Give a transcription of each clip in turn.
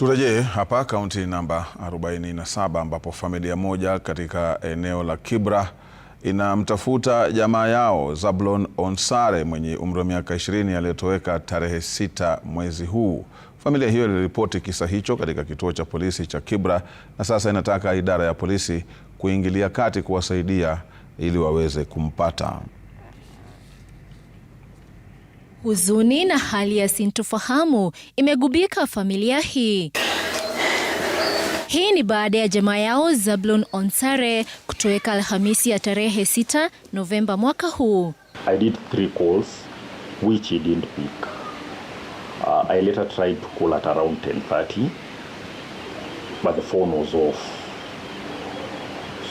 Turejee hapa kaunti namba 47 ambapo familia moja katika eneo la Kibra inamtafuta jamaa yao Zablon Onsare mwenye umri wa miaka 20 aliyetoweka tarehe sita mwezi huu. Familia hiyo iliripoti kisa hicho katika kituo cha polisi cha Kibra na sasa inataka idara ya polisi kuingilia kati kuwasaidia ili waweze kumpata. Huzuni na hali ya sintofahamu imegubika familia hii. Hii ni baada ya jamaa yao Zablon Onsare kutoweka Alhamisi ya tarehe 6 Novemba mwaka huu.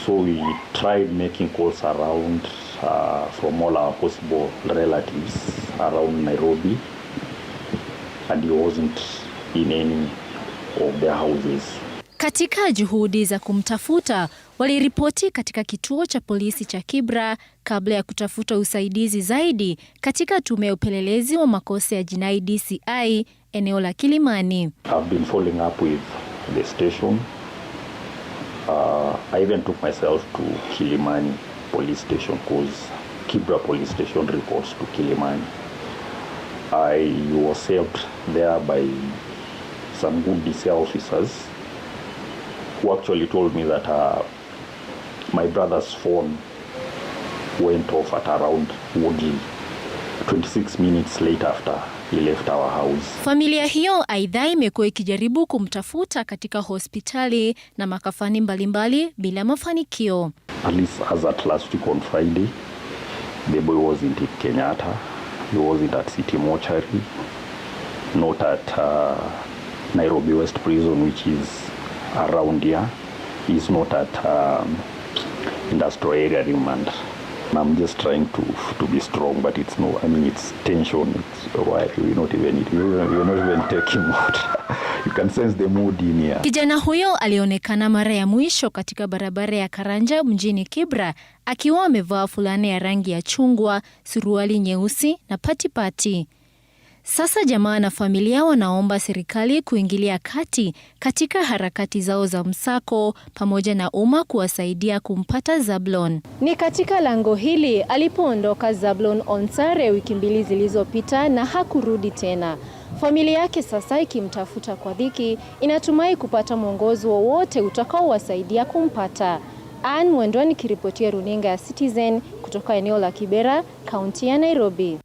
So we tried making calls around uh, from all our possible relatives around Nairobi and he wasn't in any of their houses. Katika juhudi za kumtafuta waliripoti katika kituo cha polisi cha Kibra kabla ya kutafuta usaidizi zaidi katika tume ya upelelezi wa makosa ya jinai DCI eneo la Kilimani. I've been following up with the station. Uh, I even took myself to Kilimani police station because Kibra police station reports to Kilimani. I was helped there by some good DCI officers who actually told me that uh, my brother's phone went off at around Woodley 26 minutes late after he left our house. Familia hiyo aidha imekuwa ikijaribu kumtafuta katika hospitali na makafani mbalimbali mbali bila mafanikio at least as at last week on Friday, the boy wasn't at Kenyatta, he wasn't at City Mortuary, not at uh, Nairobi West Prison, which is around here. He's not at um, industrial area remand. I'm just trying to to be strong, but it's no. I mean, it's tension. It's why we're not even we're not even taking water. You can sense the mood in here. Kijana huyo alionekana mara ya mwisho katika barabara ya Karanja mjini Kibra akiwa amevaa fulana ya rangi ya chungwa, suruali nyeusi na patipati pati. Sasa jamaa na familia wanaomba serikali kuingilia kati katika harakati zao za msako pamoja na umma kuwasaidia kumpata Zablon. Ni katika lango hili alipoondoka Zablon Onsare wiki mbili zilizopita na hakurudi tena. Familia yake sasa ikimtafuta kwa dhiki, inatumai kupata mwongozo wowote utakaowasaidia kumpata. Ann Mwendwa nikiripotia runinga ya Citizen kutoka eneo la Kibera, kaunti ya Nairobi.